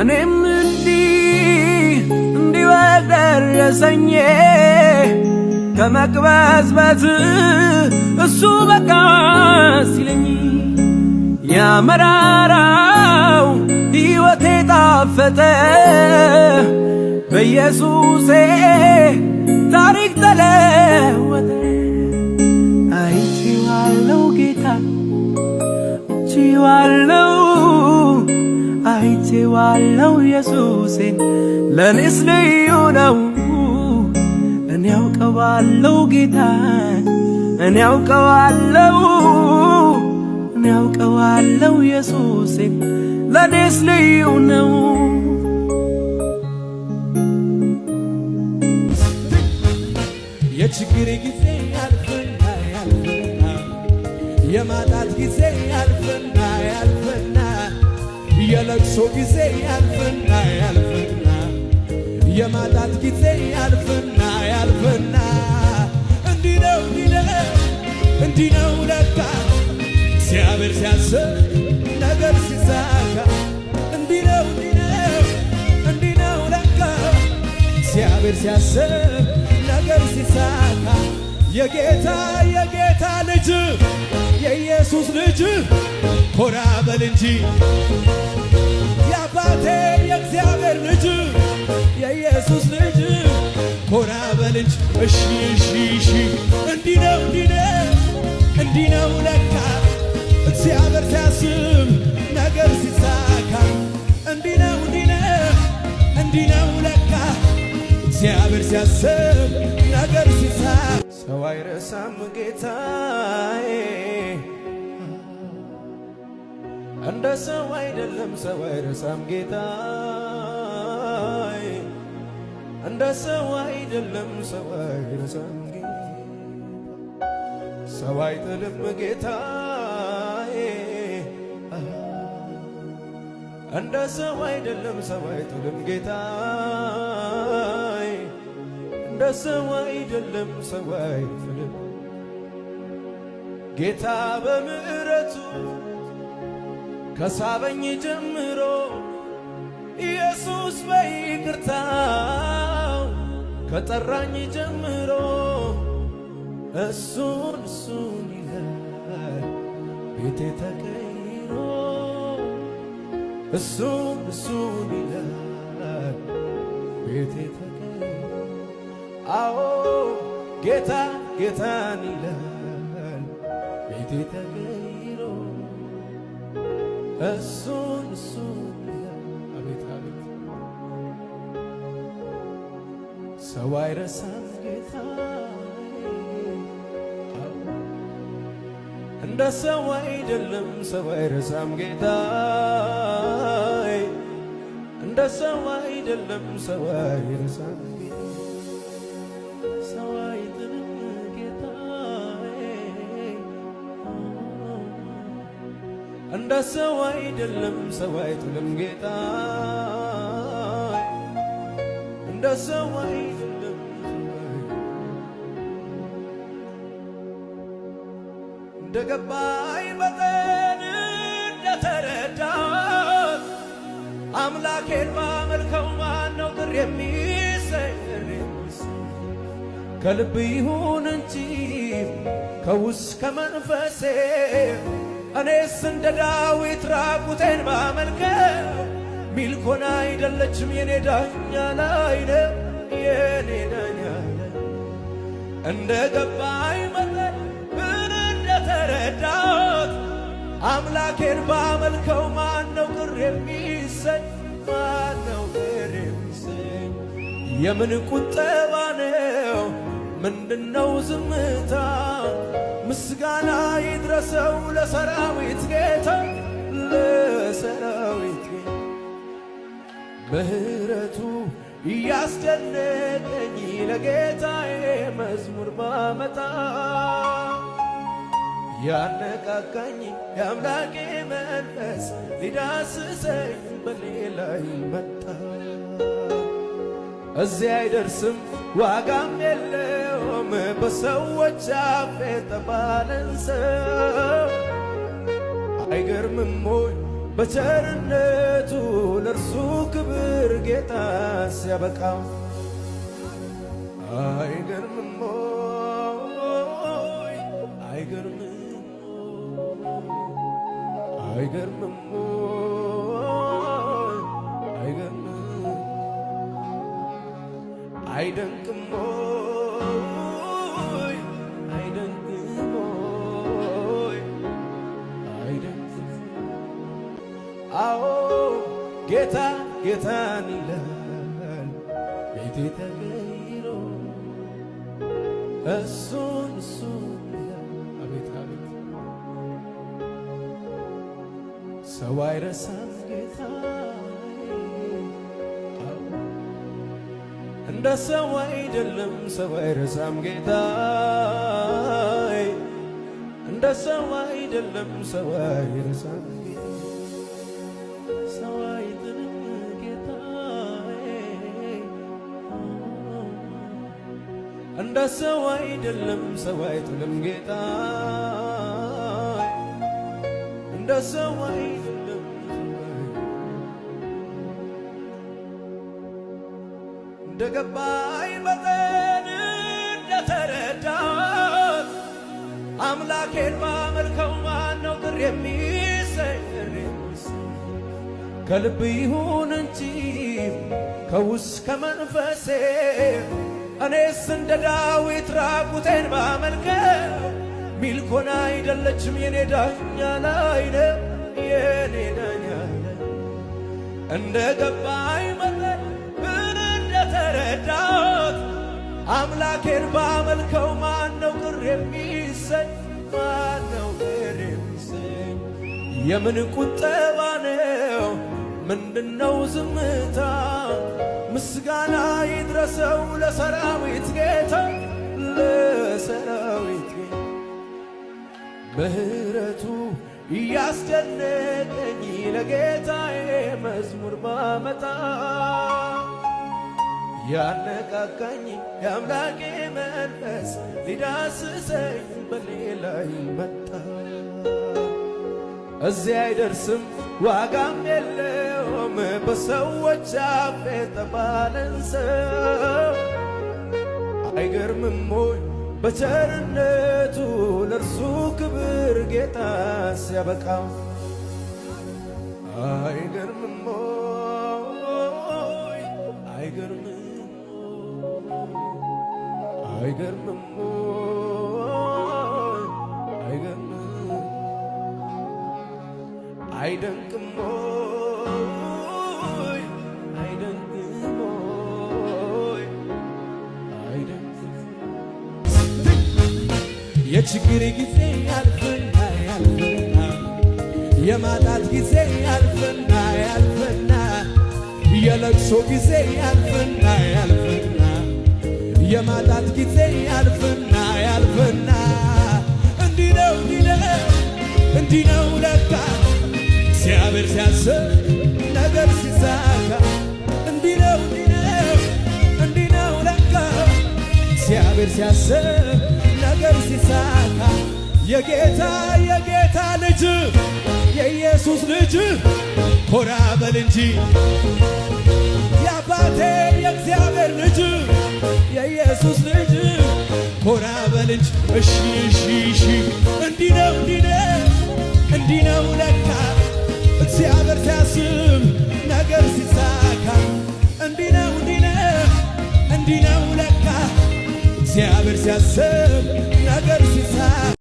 እኔም እንዲህ እንዲህ በደረሰኝ ከመቅበዝበት እሱ በቃ ሲለኝ ያመራራው ሕይወቴ ጣፈጠ በኢየሱሴ ታሪክ ተለወጠ። አይቼዋለሁ ጌታ አይቼዋለሁ ዋለው ኢየሱሴን ለእኔስ ልዩ ነው። እኔ ያውቀዋለው ጌታ እኔ ያውቀዋለው እኔ ያውቀዋለው ኢየሱሴን ለእኔስ ልዩ ነው። የችግር ጊዜ ያልፍና ያልፍና የማጣት ጊዜ ያልፍና የለቅሶ ጊዜ ያልፍና ያልፍና የማጣት ጊዜ ያልፍና ያልፍና እንዲህ ነው እንዲህ ነው ለካ እግዚአብሔር ሲያስብ ነገር ሲሳካ እንዲህ ነው እንዲህ ነው ለካ እግዚአብሔር ሲያስብ ነገር ሲሳካ የጌታ የጌታ ልጅ የኢየሱስ ልጅ ኮራ በል እንጂ የአባቴ የእግዚአብሔር ልጅ የኢየሱስ ልጅ ኮራ በል እንጂ እሺ እሺ እሺ እንዲህ ነው እንዲህ ነው እንዲህ ነው ለካ እግዚአብሔር ሲያስብ ነገር ሲሳካ እንዲህ ነው እንዲህ ነው እንዲህ ነው ለካ እግዚአብሔር ሲያስብ ነገር ሲሳካ ሰው አይረሳም ጌታዬ እንደ ሰው አይደለም ሰው አይረሳም ጌታይ፣ እንደ ሰው አይደለም ሰው አይረሳም ሰው አይጥልም ጌታይ፣ እንደ ሰው አይደለም ሰው አይጥልም ጌታይ፣ እንደ ሰው አይደለም ሰው አይጥልም ጌታ በምሕረቱ ከሳበኝ ጀምሮ ኢየሱስ በይቅርታው ከጠራኝ ጀምሮ እሱን እሱን ይላል ቤቴ ተቀይሮ እሱን እሱን ይላል ቤቴ ተቀይሮ አዎ ጌታ ጌታን ይላል ቤቴ ተቀይሮ እሱን እሱን አቤት አቤት ሰው አይረሳም ጌታ እንደ ሰው አይደለም ሰው አይረሳም ጌታ እንደ ሰው አይደለም ሰው አይረሳም እንደ ሰው አይደለም ሰው አይጥልም ጌታ እንደ ሰው አይደለም እንደ ገባኝ መጠን እንደተረዳት አምላኬን ባመልከው ማን ነው ቅር የሚሰኝ ከልብ ይሁን እንጂ ከውስጥ ከመንፈሴ እኔስ እንደ ዳዊት ራቁቴን ባመልከው ሚልኮን አይደለችም የኔ ዳኛ ላይነ የኔ ዳኛ እንደ ገባኝ መጠን ምን እንደተረዳሁት አምላኬን ባመልከው ማነው ቅር የሚሰኝ ነው ቅር የሚሰኝ? የምን ቁጠባ ነው ምንድነው ዝምታ ምስጋና ይድረሰው ለሰራዊት ጌታ ለሰራዊት ምህረቱ እያስደነቀኝ ለጌታዬ መዝሙር ባመጣ ያነቃቃኝ የአምላኬ መንፈስ ሊዳስሰኝ ላይ መጣ እዚያ አይደርስም ዋጋም የለም አይደለሁም በሰዎች አፍ የተባለን ሰው አይገርምም ሆይ በቸርነቱ ለእርሱ ክብር ጌታ ሲያበቃው አይገርምም ሆይ አይገርምም አይገርምም ሆይ አይገርምም አይደንቅም ሆይ ጌታ ጌታን ይላል ቤቴ ተቀይሮ እሱን እሱን አቤት አቤት ሰው አይረሳም ጌታ እንደ ሰው አይደለም ሰው አይረሳም ጌታ እንደ ሰው አይደለም ሰው አይረሳም እንደ ሰው አይደለም ሰው አይጥልም ጌታ እንዳ ሰው አይደለም እንደ ገባኝ መጠን እንደተረዳት አምላኬን ባመልከው ማነው ቅር የሚሰኝ ከልብ ይሁን እንጂ ከውስጥ ከመንፈሴ እኔስ እንደ ዳዊት ራቁቴን ባመልከው ሚልኮን አይደለችም የኔ ዳኛ ላይነ የኔ ዳኛ እንደ ገባኝ መጠን ምን እንደተረዳሁት አምላኬን ባመልከው ማነው ቅር የሚሰኝ? ማነው ቅር የሚሰኝ? የምን ቁጠባ ነው? ምንድነው ዝምታ ምስጋና ይድረሰው ለሰራዊት ጌታ ለሰራዊት ጌታ ምሕረቱ እያስደነቀኝ ለጌታዬ መዝሙር ባመጣ ያነቃቃኝ የአምላኬ መንፈስ ሊዳስሰኝ በሌላ መጣ። እዚያ አይደርስም፣ ዋጋም የለውም። በሰዎች አፍ የተባለን ሰው አይገርምም ሞይ በቸርነቱ ለእርሱ ክብር ጌታ ሲያበቃው አይገርምም ሞይ አይገርምም አይገርምም አይደንቅም የችግር ጊዜ ያልፍና ያልፍና የማጣት ጊዜ ያልፍና ያልፍና የለቅሶ ጊዜ ያልፍና እግዚአብሔር ሲያስብ ነገር ሲሳካ የጌታ የጌታ ልጅ የኢየሱስ ልጅ ኮራ በል እንጂ የአባቴ የእግዚአብሔር ልጅ የኢየሱስ ልጅ ኮራ በል እንጂ። እሺ እሺ እሺ እንዲህ ነው እንዲህ ነው እንዲህ ነው ለካ እግዚአብሔር ሲያስብ ነገር ሲሳካ እንዲህ ነው እንዲህ ነው እንዲህ ነው እግዚአብሔር ሲያስብ ነገር ሲሳ